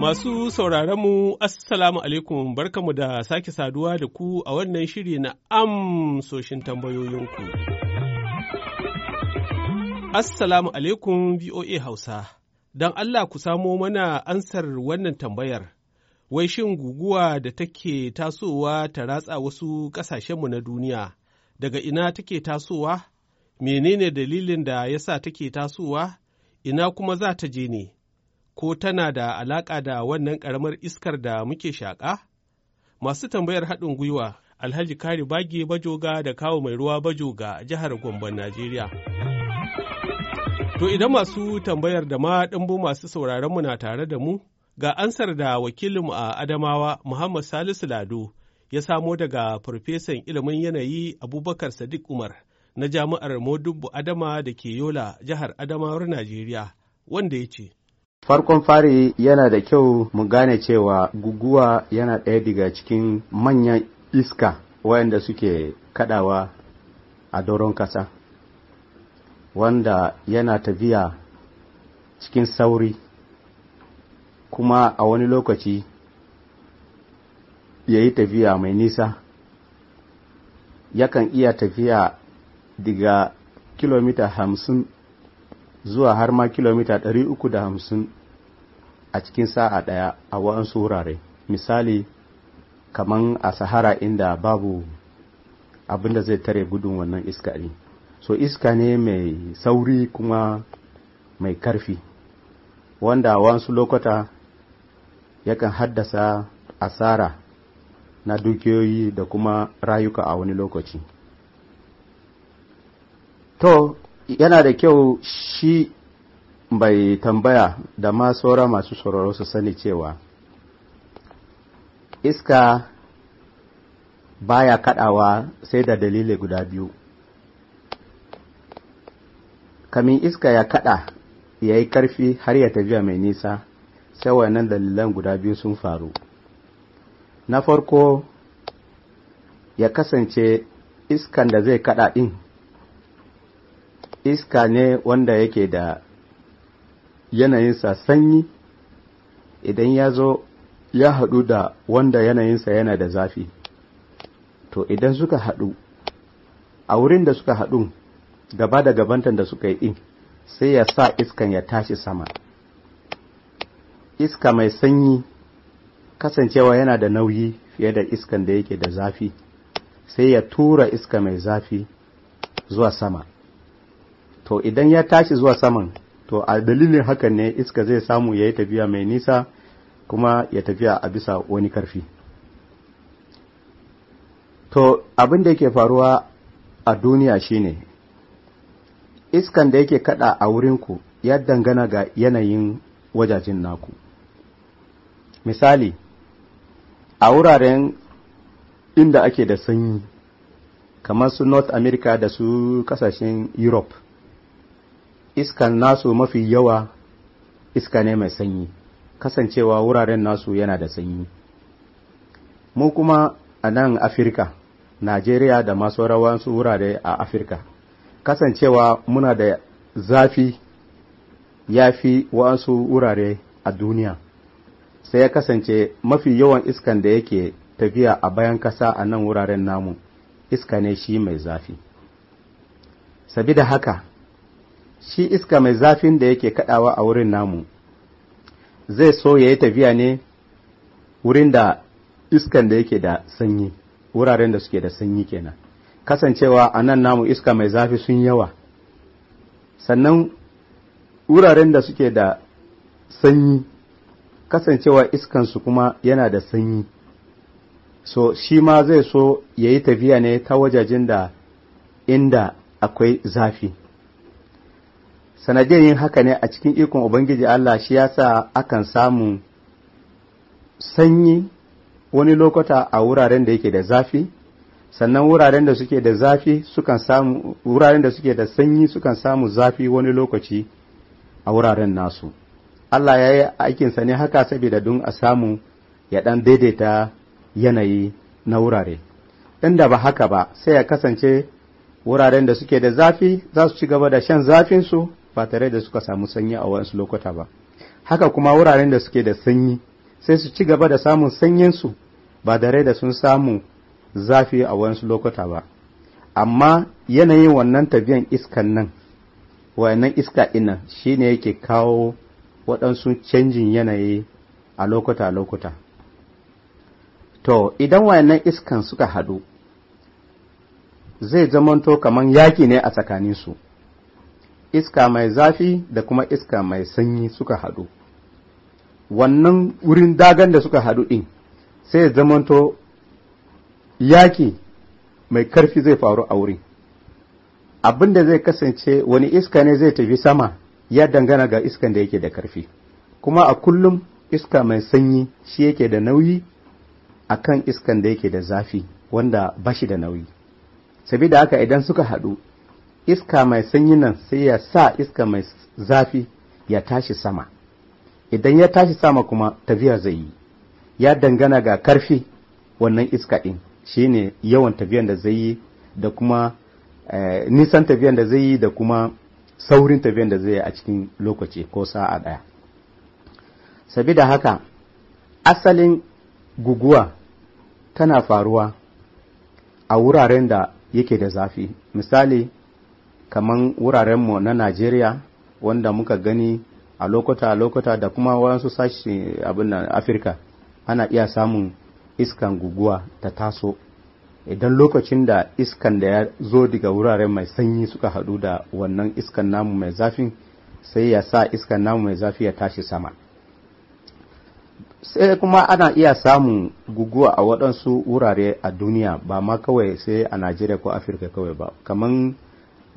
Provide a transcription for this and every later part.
Masu mu Assalamu alaikum barkamu da sake saduwa da ku a wannan shiri na amsoshin tambayoyinku. Assalamu alaikum VOA Hausa, don Allah ku samo mana ansar wannan tambayar. Wai shin guguwa da take tasowa ta ratsa wasu ƙasashenmu na duniya, daga ina take tasowa? Menene dalilin da ya sa take tasowa? Ina kuma za ta je ne? ko tana da alaƙa da wannan ƙaramar iskar da muke shaƙa? Masu tambayar haɗin gwiwa Alhaji Kari Bage Bajoga da kawo mai ruwa Bajoga jihar Gombon Najeriya. To idan masu tambayar da ma ɗimbo masu sauraron mu na tare da mu, ga ansar da wakilinmu a Adamawa Muhammad Salisu Lado ya samo daga Farfesan Ilimin Yanayi Abubakar Sadiq Umar na Jami'ar modubu Adama da ke Yola, jihar Adamawar Najeriya, wanda ya ce. farkon fari yana da kyau mu gane cewa guguwa yana ɗaya daga cikin manyan iska wayanda suke kadawa a doron kasa wanda yana tafiya cikin sauri kuma a wani lokaci ya yi tafiya mai nisa yakan iya tafiya daga kilomita hamsin zuwa har ma kilomita 350 a cikin sa'a ɗaya a wa'ansu wurare misali kamar a sahara inda babu abin da zai tare gudun wannan iska ne so iska ne mai sauri kuma mai karfi wanda a wasu lokuta yakan haddasa asara na dukiyoyi da kuma rayuka a wani lokaci to yana da kyau shi bai tambaya da ma saura masu sauraro su sani cewa iska baya kadawa sai da dalilai guda biyu kamin iska ya kada ya yi karfi har ya tafiya mai nisa sai wannan dalilan guda biyu sun faru na farko ya kasance iskan da zai kada din iska ne wanda yake da yanayinsa sanyi idan ya zo ya haɗu da wanda yanayinsa yana da zafi to idan suka haɗu a wurin da suka haɗu gaba da gabantan da suka yi ɗin, sai ya sa iskan ya tashi sama iska mai sanyi kasancewa yana da nauyi fiye da iskan da yake da zafi sai ya tura iska mai zafi zuwa sama to idan ya tashi zuwa saman to a dalilin hakan ne iska zai samu ya yi tafiya mai nisa kuma ya tafiya a bisa wani karfi to abin da yake faruwa a duniya shine iskan da yake kada a wurinku ya dangana ga yanayin wajajen naku misali a wuraren inda ake da sanyi kamar su north america da su kasashen europe iskan nasu mafi yawa iska ne mai sanyi kasancewa wuraren nasu yana da sanyi mu kuma a nan afirka najeriya da masu rawansu wurare a afirka kasancewa muna da zafi ya fi wa'ansu wurare a duniya sai ya kasance mafi yawan iskan da yake tafiya a bayan kasa a nan wuraren namu iska ne shi mai zafi sabida haka shi iska mai zafin da yake kaɗawa a wurin namu zai so ya yi tafiya ne wurin da iskan da yake da sanyi wuraren da suke da sanyi kenan kasancewa a nan namu iska mai zafi sun yawa sannan wuraren da suke da sanyi kasancewa iskansu kuma yana da sanyi so shi ma zai so ya yi tafiya ne ta wajajen da inda akwai zafi sanadiyar yin haka ne a cikin ikon ubangiji allah shi ya yasa akan samu sanyi wani lokuta a wuraren da yake da zafi sannan wuraren da suke da zafi sukan samu wuraren da suke da sanyi sukan samu zafi wani lokaci a wuraren nasu allah ya yi aikinsa ne haka saboda don a samu ya ɗan daidaita yanayi na wurare inda ba haka ba sai ya kasance wuraren da suke da zafi za su ci gaba da shan zafinsu ba tare da suka samu sanyi a wasu lokuta ba haka kuma wuraren da suke da sanyi sai su ci gaba da samun sanyinsu ba tare da sun samu zafi a wasu lokuta ba amma yanayin wannan tafiyan iskan nan wannan iska ina shine ne yake kawo waɗansu canjin yanayi a lokuta-lokuta to idan wayannan iskan suka haɗu zai zamanto kamar yaki ne a tsakaninsu iska mai zafi da kuma iska mai sanyi suka haɗu wannan wurin dagan da suka haɗu ɗin sai zamanto yaƙi mai ƙarfi zai faru a wurin abin da zai kasance wani iska ne zai tafi sama ya dangana ga iskan da yake da ƙarfi. kuma a kullum iska mai sanyi shi yake da nauyi a kan iskan da yake da zafi wanda ba shi da nauyi sabida haka idan suka haɗu iska mai sanyi nan sai ya sa iska mai zafi ya tashi sama idan ya tashi sama kuma tafiya zai yi ya dangana ga karfi wannan iska ɗin shine yawan tafiyan da zai yi da kuma eh, nisan tafiyan da zai yi da kuma saurin tafiyan da zai yi a cikin lokaci ko sa'a ɗaya sabida haka asalin guguwa tana faruwa a wuraren da yake da zafi misali kaman mu na najeriya wanda muka gani a a lokuta da kuma wasu sashi abin nan afirka ana iya samun iskan guguwa ta taso idan lokacin da iskan da ya zo daga wuraren mai sanyi suka haɗu da wannan iskan namu mai zafi sai ya sa iskan namu mai zafi ya tashi sama sai kuma ana iya samun guguwa a waɗansu wurare a duniya ba ma kawai sai a najeriya ko afirka kawai ba kamar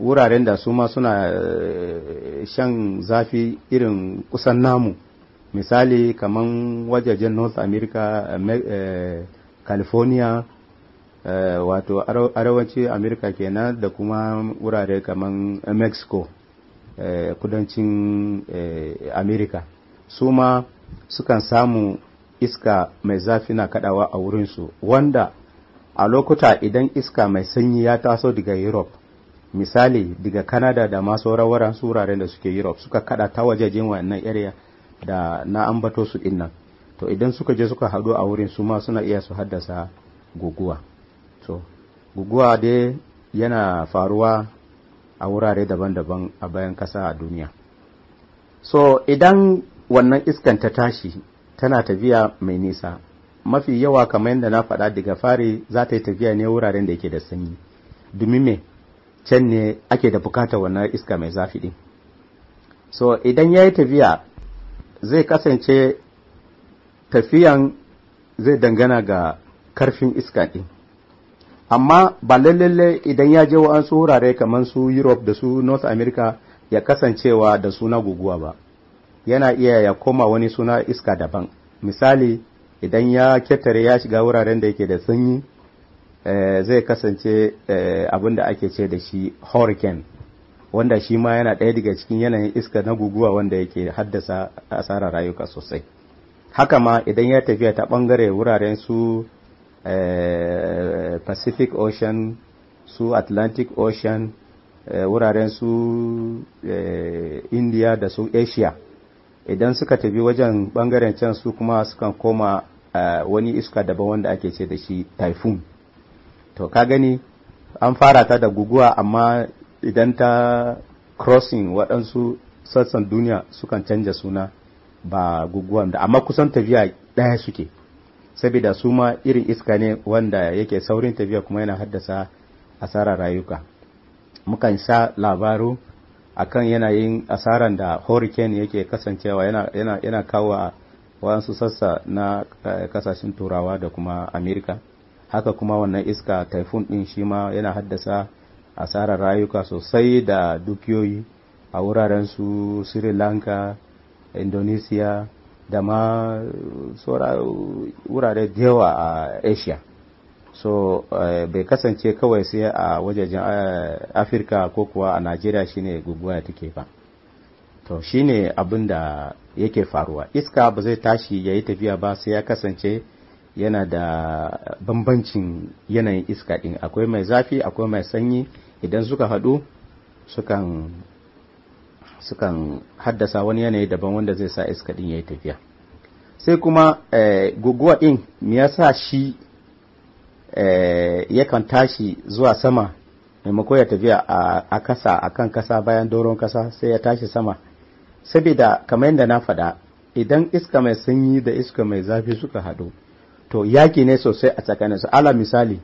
wuraren da su ma suna eh, shan zafi irin kusan namu misali kamar wajajen north america eh, california eh, wato arewaci america kenan da kuma wurare kamar mexico kudancin america su ma sukan samu iska mai zafi na kadawa a wurinsu wanda a lokuta idan iska mai sanyi ya taso daga europe misali daga canada da ma sauran wuraren suraren da suke europe suka kada ta wajejen wannan area da na ambato su din nan to idan suka je suka hadu a wurin su ma suna iya su haddasa guguwa to guguwa dai yana faruwa a wurare daban-daban a bayan kasa a duniya so idan wannan iskan ta tashi tana tafiya mai nisa mafi yawa kamar yadda na faɗa daga fari za ta yi tafiya ne wuraren da yake da sanyi domin me can ne ake da bukatar wannan iska mai zafi din so idan ya yi tafiya zai kasance tafiyan zai dangana ga karfin iska ɗin. amma ba lalle idan ya je wa'ansu wurare kamar su europe da su north america ya kasancewa da suna guguwa ba yana iya ya koma wani suna iska daban misali idan ya ketare ya shiga wuraren da yake da sanyi Eh, zai kasance eh, abin da ake ce da shi hurricane wanda shi ma yana ɗaya daga cikin yanayin iska na guguwa wanda yake haddasa asarar rayuka sosai haka ma idan ya tafiya ta ɓangare wuraren su eh, pacific ocean su atlantic ocean wuraren su india da su asia idan suka tafi wajen ɓangaren can su kuma sukan koma wani iska daban wanda ake ce da shi typhoon to ka gani an fara ta da guguwa amma idan ta crossing waɗansu sassan duniya sukan canja suna ba guguwan da amma kusan tafiya ɗaya suke saboda su ma irin iska ne wanda yake saurin tafiya kuma yana haddasa asarar rayuka mukan sha labaru akan yanayin asaran da hurricane yake kasancewa yana, kawo wa wasu sassa na kasashen eh, turawa da kuma amerika haka kuma wannan iska typhoon ɗin shi ma yana haddasa asarar rayuka sosai da dukiyoyi a wuraren su sri lanka indonesia da ma uh, uh, wurare da a asia so eh, bai kasance kawai sai a wajajen eh, afirka ko kuwa a najeriya shine guguwa take ba to shine abin da yake faruwa iska ba zai tashi ya yi tafiya ba sai ya kasance yana da bambancin yanayin iska ɗin akwai mai zafi akwai mai sanyi idan suka haɗu sukan haddasa wani yanayi daban wanda zai sa iska ɗin ya yi tafiya sai kuma eh, guguwa ɗin me yasa shi ya eh, yakan tashi zuwa sama maimako ya tafiya a kasa a kan kasa bayan doron kasa sai ya tashi sama saboda kamar yadda na faɗa idan iska mai sanyi da iska mai zafi suka haɗu to yaki ne sosai a tsakaninsu ala misali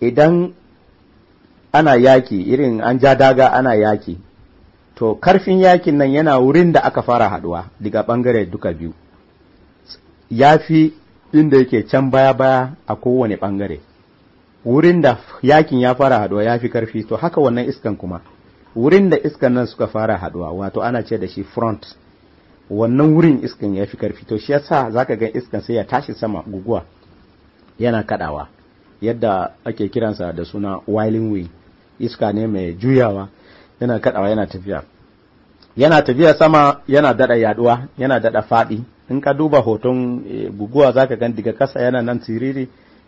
idan ana yaki irin an ja daga ana yaki to karfin yakin nan yana wurin da aka fara haduwa daga bangare duka biyu ya fi inda yake can baya-baya a kowane bangare wurin da yakin ya fara haduwa ya fi karfi to haka wannan iskan kuma wurin da iskan nan suka fara haduwa wato ana ce da shi front wannan wurin iskan ya fi karfi to shi za ka ga iskan sai ya tashi sama guguwa yana kadawa yadda ake kiransa da suna wailing wing iska ne mai juyawa yana kadawa yana tafiya yana tafiya sama yana dada yaduwa yana dada fadi in ka duba hoton eh, guguwa za ka gan daga kasa yana nan siriri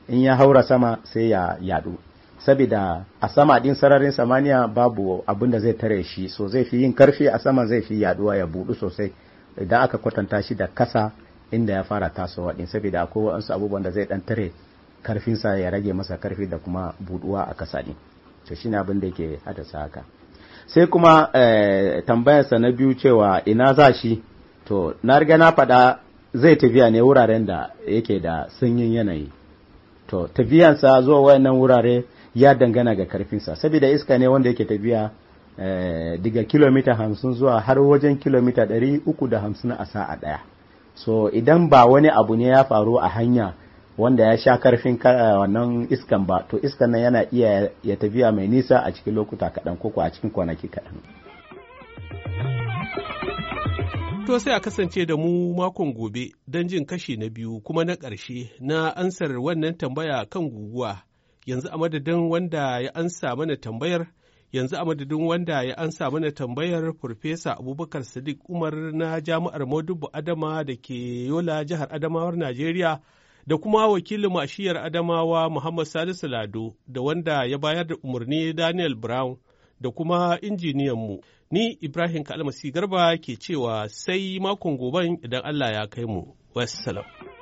in ya haura sama sai ya yadu saboda a sama din sararin samaniya babu abin da zai tare shi so zai fi yin karfi a sama zai fi yaduwa ya budu sosai idan aka kwatanta shi da kasa inda ya fara tasowa din saboda akwai wasu abubuwan da zai dan tare karfinsa ya rage masa karfi da kuma buduwa a kasa din to shine abin da yake haddasa haka sai kuma eh, tambayarsa na biyu cewa ina za shi to na riga na faɗa zai tafiya ne wuraren da yake da sanyin yanayi to tafiyansa zuwa wayannan wurare ya dangana ga karfinsa saboda iska ne wanda yake tafiya Eh, daga kilomita hamsin zuwa har wajen kilomita ɗari uku da hamsin a sa'a ɗaya so idan ba wani abu ne ya faru a hanya wanda ya sha karfin eh, wannan iskan ba to iskan nan yana iya ya tafiya mai nisa a cikin lokuta kaɗan koko a cikin kwanaki kaɗan To sai a kasance da mu makon gobe don jin kashi na biyu kuma na ƙarshe na ansar wannan tambaya kan guguwa yanzu a madadin wanda ya ansa mana tambayar yanzu a madadin wanda ya ansa mana tambayar Farfesa Abubakar Sadiq Umar na Jami'ar Modubu Adama da ke Yola jihar Adamawar Najeriya da kuma wakilin mashiyar Adamawa Muhammad Salisu Lado da wanda ya bayar da umarni Daniel Brown da kuma injiniyan mu, Ni Ibrahim Kalmasi Garba ke cewa sai makon goben idan Allah ya kai mu. Wassalam.